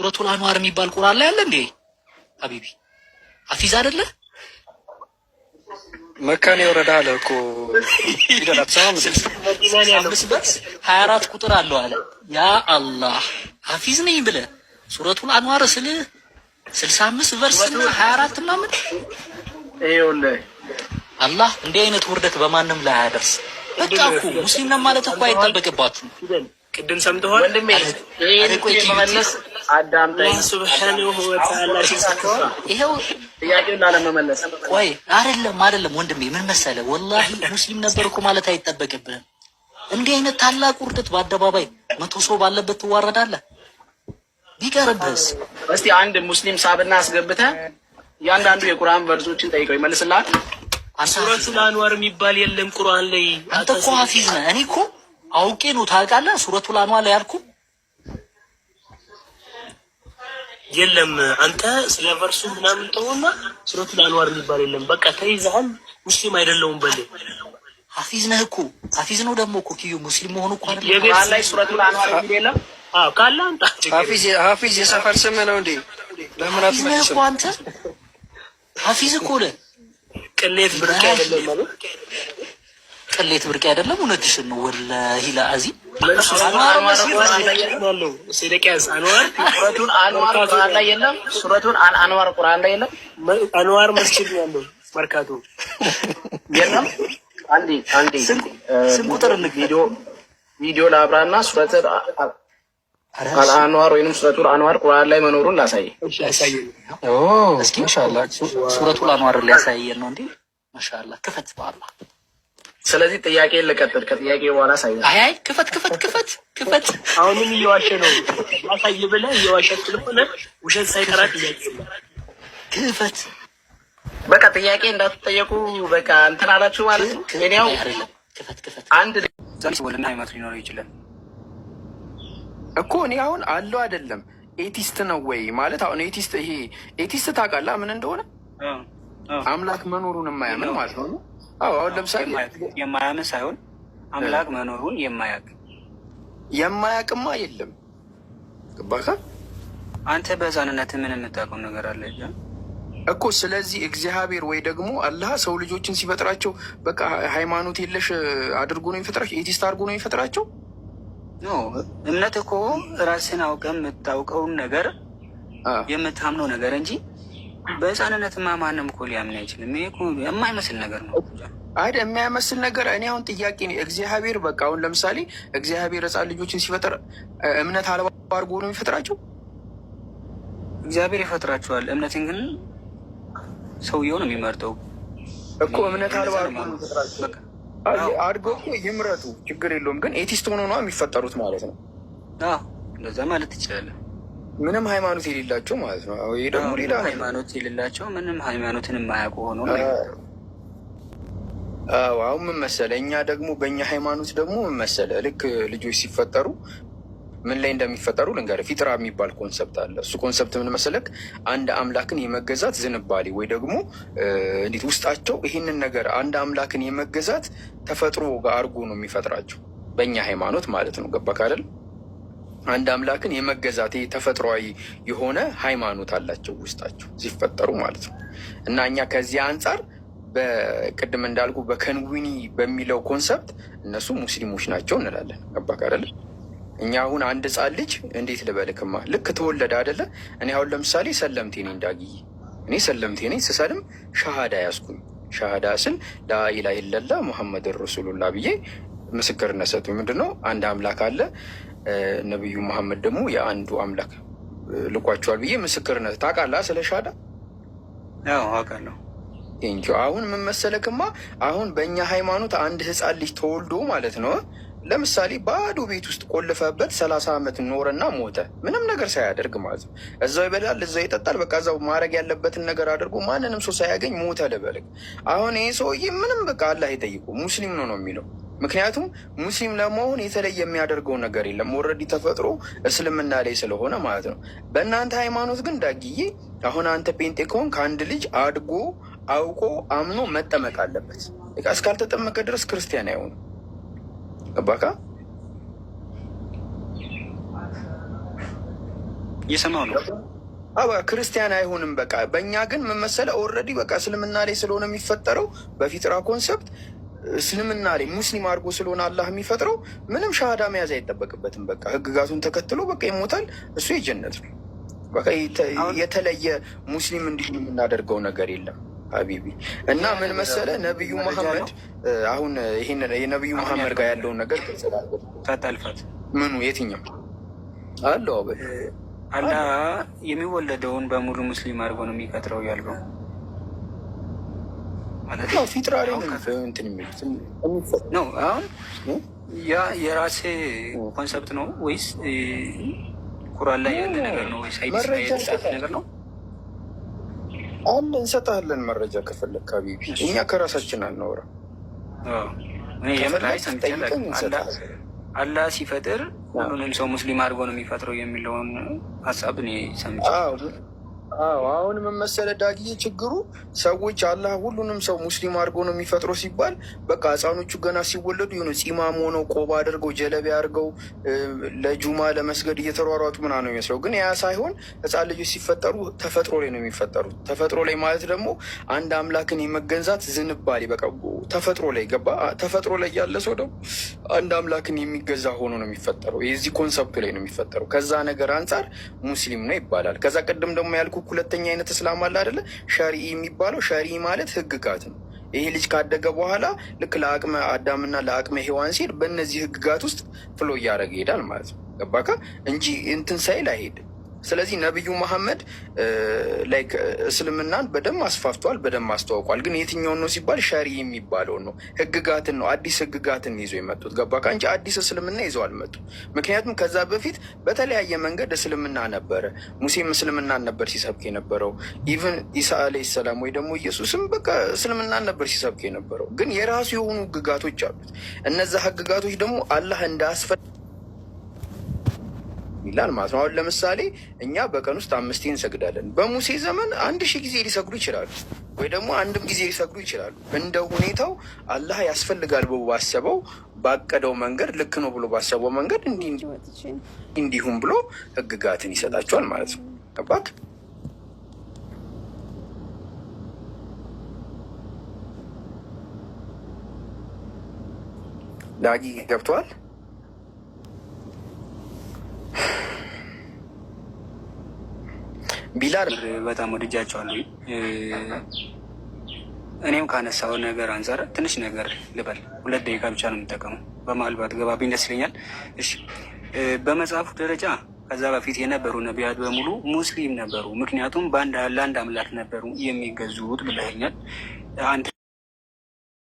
ሱረቱል አንዋር የሚባል ቁርአን ላይ አለ እንዴ? ሀቢቢ ሀፊዝ አይደለ? መካን የወረዳ አለ እኮ ይደላት ሀያ አራት ቁጥር አለው አለ። ያ አላህ ሀፊዝ ነኝ ብለ ሱረቱል አንዋር ስል ስልሳ አምስት ቨርስ እና ሀያ አራት ምናምን ይኸውልህ፣ አላህ እንዲህ አይነት ውርደት በማንም ላይ አያደርስ። በቃ እኮ ሙስሊም ነን ማለት እኮ አይጠበቅባችሁም። ቅድም ሰምተዋል። ወንድሜ ስብሓንሁ ወተላ ወይ አይደለም አይደለም ወንድሜ ምን መሰለ ወላሂ ሙስሊም ነበር እኮ ማለት አይጠበቅብንም። እንዲህ አይነት ታላቅ ውርደት በአደባባይ መቶ ሰው ባለበት ትዋረዳለህ። ቢቀርብህስ? እስቲ አንድ ሙስሊም ሳብና አስገብተ እያንዳንዱ የቁርአን ቨርሶችን ጠይቀው ይመልስልሃል። ሱረቱል አንዋር የሚባል የለም ቁርአን ላይ። አንተ እኮ ሀፊዝ ነህ። እኔ እኮ አውቄ ነው ታውቃለህ። ሱረቱ ላኗ ላይ ያልኩህ የለም። አንተ ስለ ቨርሱ ምናምን ተውና ሱረቱል አንዋር የሚባል የለም። በቃ ተይዘሃል። ሙስሊም አይደለሁም በል። ሀፊዝ ነህ እኮ ሀፊዝ ነው ደግሞ እኮ ኪዩ ሙስሊም መሆኑ እኮ አይደለም። የቤት ላይ ሱረቱ ሱረቱል አንዋር የለም። አዎ ካለ አንተ ሀፊዝ ሀፊዝ የሰፈር ስም ነው እንዴ? ለምን እኮ አንተ ሀፊዝ እኮ ነህ። ቅሌት ብርቅ አይደለም ማለት ቅሌት ብርቅ አይደለም። እውነትሽን ነው። ወላሂ ለአዚም ቁርአን ላይ የለም። ሱረቱን አንዋር ቁርአን ላይ የለም። አንዋር መስጂድ ያለው መርካቶ የለም። አንዴ አንዴ ስም ቁጥር ቪዲዮ ቪዲዮ ላብራና ሱረት አልአንዋር ወይንም ሱረቱል አንዋር ቁርአን ላይ መኖሩን ላሳይ። ኦ እስኪ ኢንሻአላህ ሱረቱል አንዋር ላይ ያሳየን ነው እንዴ? ማሻአላህ ክፈት በአላህ ስለዚህ ጥያቄ ልቀጥል። ከጥያቄ በኋላ ሳይ አይ ክፈት ክፈት ክፈት ክፈት። አሁንም እየዋሸ ነው። ማሳይ ብለህ እየዋሸ ስለሆነ ውሸት ሳይቀራ ጥያቄ ክፈት። በቃ ጥያቄ እንዳትጠየቁ በቃ እንትን አላችሁ ማለት ነው። ክፈት ክፈት። አንድ ሰው ወልና ሃይማኖት ሊኖረው ይችላል እኮ እኔ አሁን አለው አይደለም። ኤቲስት ነው ወይ ማለት አሁን ኤቲስት ይሄ ኤቲስት ታውቃለህ ምን እንደሆነ አምላክ መኖሩን የማያምን ማለት ነው አሁን ለምሳሌ የማያምን ሳይሆን አምላክ መኖሩን የማያቅ የማያቅማ የለም። ግባካ አንተ በህፃንነት ምን የምታውቀው ነገር አለ እኮ። ስለዚህ እግዚአብሔር ወይ ደግሞ አላህ ሰው ልጆችን ሲፈጥራቸው በቃ ሃይማኖት የለሽ አድርጎ ነው የሚፈጥራቸው፣ ኤቲስት አድርጎ ነው የሚፈጥራቸው። እምነት እኮ ራስን አውቀ የምታውቀውን ነገር የምታምነው ነገር እንጂ በህፃንነትማ ማንም እኮ ሊያምን አይችልም። ይሄ የማይመስል ነገር ነው አይደ የሚያመስል ነገር እኔ አሁን ጥያቄ ነው። እግዚአብሔር በቃ አሁን ለምሳሌ እግዚአብሔር ህፃን ልጆችን ሲፈጥር እምነት አልባ አድርጎ ነው የሚፈጥራቸው። እግዚአብሔር ይፈጥራቸዋል። እምነትን ግን ሰውየው ነው የሚመርጠው እኮ እምነት አልባ አድርጎ ይምረቱ ችግር የለውም። ግን ኤቲስት ሆኖ ነው የሚፈጠሩት ማለት ነው። እንደዛ ማለት ትችላለን። ምንም ሃይማኖት የሌላቸው ማለት ነው። ይሄ ደግሞ ሌላ ሃይማኖት የሌላቸው ምንም ሃይማኖትን የማያውቁ ሆኖ አሁን ምን መሰለህ፣ እኛ ደግሞ በእኛ ሃይማኖት ደግሞ ምን መሰለህ፣ ልክ ልጆች ሲፈጠሩ ምን ላይ እንደሚፈጠሩ ልንገርህ። ፊጥራ የሚባል ኮንሰፕት አለ። እሱ ኮንሰፕት ምን መሰለክ አንድ አምላክን የመገዛት ዝንባሌ ወይ ደግሞ እንዴት ውስጣቸው ይህንን ነገር አንድ አምላክን የመገዛት ተፈጥሮ ጋር አድርጎ ነው የሚፈጥራቸው በእኛ ሃይማኖት ማለት ነው። ገባህ አይደል? አንድ አምላክን የመገዛት ተፈጥሯዊ የሆነ ሃይማኖት አላቸው ውስጣቸው ሲፈጠሩ ማለት ነው። እና እኛ ከዚህ አንጻር በቅድም እንዳልኩ በከንዊኒ በሚለው ኮንሰፕት እነሱ ሙስሊሞች ናቸው እንላለን። ገባክ አይደለ? እኛ አሁን አንድ ህፃን ልጅ እንዴት ልበልክማ ልክ ተወለደ አይደለ? እኔ አሁን ለምሳሌ ሰለምቴ ነኝ፣ እንዳግዬ እኔ ሰለምቴ ነኝ። ስሰልም ሻሃዳ ያስኩኝ ሻሃዳ ስል ላኢላሃ ኢለላህ ሙሐመድን ረሱሉላህ ብዬ ምስክርነት ሰጡኝ። ምንድነው አንድ አምላክ አለ ነቢዩ መሐመድ ደግሞ የአንዱ አምላክ ልኳቸዋል ብዬ ምስክርነት ታውቃለህ። ስለ ሻዳ አውቃለሁ። አሁን ምን መሰለክማ፣ አሁን በእኛ ሃይማኖት አንድ ህፃን ልጅ ተወልዶ ማለት ነው ለምሳሌ ባዶ ቤት ውስጥ ቆልፈበት ሰላሳ ዓመት ኖረና ሞተ፣ ምንም ነገር ሳያደርግ ማለት ነው። እዛው ይበላል፣ እዛው ይጠጣል፣ በቃ እዛው ማድረግ ያለበትን ነገር አድርጎ ማንንም ሰው ሳያገኝ ሞተ ልበልግ። አሁን ይህ ሰውዬ ምንም በቃ አላህ ይጠይቁ ሙስሊም ነው ነው የሚለው ምክንያቱም ሙስሊም ለመሆን የተለየ የሚያደርገው ነገር የለም። ወረዲ ተፈጥሮ እስልምና ላይ ስለሆነ ማለት ነው። በእናንተ ሃይማኖት ግን ዳግዬ፣ አሁን አንተ ጴንጤ ከሆንክ ልጅ አድጎ አውቆ አምኖ መጠመቅ አለበት። እስካልተጠመቀ ድረስ ክርስቲያን አይሆንም። ገባህ? እየሰማሁ ነው። አባ ክርስቲያን አይሆንም። በቃ በእኛ ግን መመሰለ ኦልሬዲ በቃ እስልምና ላይ ስለሆነ የሚፈጠረው በፊጥራ ኮንሰፕት እስልምና ላይ ሙስሊም አድርጎ ስለሆነ አላህ የሚፈጥረው ምንም ሻሃዳ መያዝ አይጠበቅበትም። በቃ ህግጋቱን ተከትሎ በቃ ይሞታል። እሱ የጀነት ነው። በቃ የተለየ ሙስሊም እንዲሁ የምናደርገው ነገር የለም ሀቢቢ እና ምን መሰለ ነቢዩ መሐመድ አሁን ይሄን የነቢዩ መሐመድ ጋር ያለውን ነገር ፈታልፈት ምኑ የትኛው አለው አላህ የሚወለደውን በሙሉ ሙስሊም አድርጎ ነው የሚፈጥረው ያለው ነው። ያ የራሴ ኮንሰፕት ነው ወይስ ቁራን ላይ ያለ ነገር ነው ወይስ የተጻፈ ነገር ነው? እንሰጣለን መረጃ ከፈለግ ካቢቢ እኛ ከራሳችን አናወራ። ሲፈጥር ሁሉንም ሰው ሙስሊም አድርጎ ነው የሚፈጥረው የሚለውን ሀሳብ ሰምቼ አሁን ምን መሰለ ዳግዬ፣ ችግሩ ሰዎች አላህ ሁሉንም ሰው ሙስሊም አድርጎ ነው የሚፈጥረው ሲባል በቃ ህፃኖቹ ገና ሲወለዱ የሆነ ፂማም ሆነው ቆባ አድርገው ጀለቤ አድርገው ለጁማ ለመስገድ እየተሯሯጡ ምና ነው የሚመስለው። ግን ያ ሳይሆን ህፃን ልጆች ሲፈጠሩ ተፈጥሮ ላይ ነው የሚፈጠሩት። ተፈጥሮ ላይ ማለት ደግሞ አንድ አምላክን የመገንዛት ዝንባሌ በቃ ተፈጥሮ ላይ ገባ። ተፈጥሮ ላይ ያለ ሰው ደግሞ አንድ አምላክን የሚገዛ ሆኖ ነው የሚፈጠረው። የዚህ ኮንሰፕት ላይ ነው የሚፈጠረው። ከዛ ነገር አንጻር ሙስሊም ነው ይባላል። ከዛ ቅድም ደግሞ ያልኩ እንዳልኩ ሁለተኛ አይነት እስላም አለ አይደለ? ሸሪ የሚባለው ሸሪ ማለት ህግጋት ነው። ይሄ ልጅ ካደገ በኋላ ልክ ለአቅመ አዳምና ለአቅመ ሔዋን ሲል በእነዚህ ህግጋት ውስጥ ፍሎ እያደረገ ይሄዳል ማለት ነው። ገባካ እንጂ እንትን ሳይል አይሄድም። ስለዚህ ነቢዩ መሐመድ ላይክ እስልምናን በደንብ አስፋፍተዋል፣ በደንብ አስተዋውቋል። ግን የትኛውን ነው ሲባል ሸሪ የሚባለውን ነው፣ ህግጋትን ነው። አዲስ ህግጋትን ይዞ የመጡት ገባ ከእንጂ አዲስ እስልምና ይዘው አልመጡ። ምክንያቱም ከዛ በፊት በተለያየ መንገድ እስልምና ነበረ። ሙሴም እስልምናን ነበር ሲሰብክ የነበረው። ኢቨን ኢሳ አለ ሰላም ወይ ደግሞ ኢየሱስም በቃ እስልምናን ነበር ሲሰብክ የነበረው። ግን የራሱ የሆኑ ህግጋቶች አሉት። እነዛ ህግጋቶች ደግሞ አላህ እንዳስፈል ይላል ማለት ነው። አሁን ለምሳሌ እኛ በቀን ውስጥ አምስቴ እንሰግዳለን። በሙሴ ዘመን አንድ ሺህ ጊዜ ሊሰግዱ ይችላሉ፣ ወይ ደግሞ አንድም ጊዜ ሊሰግዱ ይችላሉ። እንደ ሁኔታው አላህ ያስፈልጋል ብሎ ባሰበው ባቀደው መንገድ ልክ ነው ብሎ ባሰበው መንገድ እንዲሁም ብሎ ህግጋትን ይሰጣቸዋል ማለት ነው። ገባክ? ዳጊ ገብተዋል ቢላል በጣም ወድጃቸዋለሁ። እኔም ካነሳው ነገር አንጻር ትንሽ ነገር ልበል። ሁለት ደቂቃ ብቻ ነው የምጠቀመው። በማልባት ባትገባብኝ ደስ ይለኛል። እሺ፣ በመጽሐፉ ደረጃ ከዛ በፊት የነበሩ ነቢያት በሙሉ ሙስሊም ነበሩ፣ ምክንያቱም ለአንድ አምላክ ነበሩ የሚገዙት ብለኛል። አንተ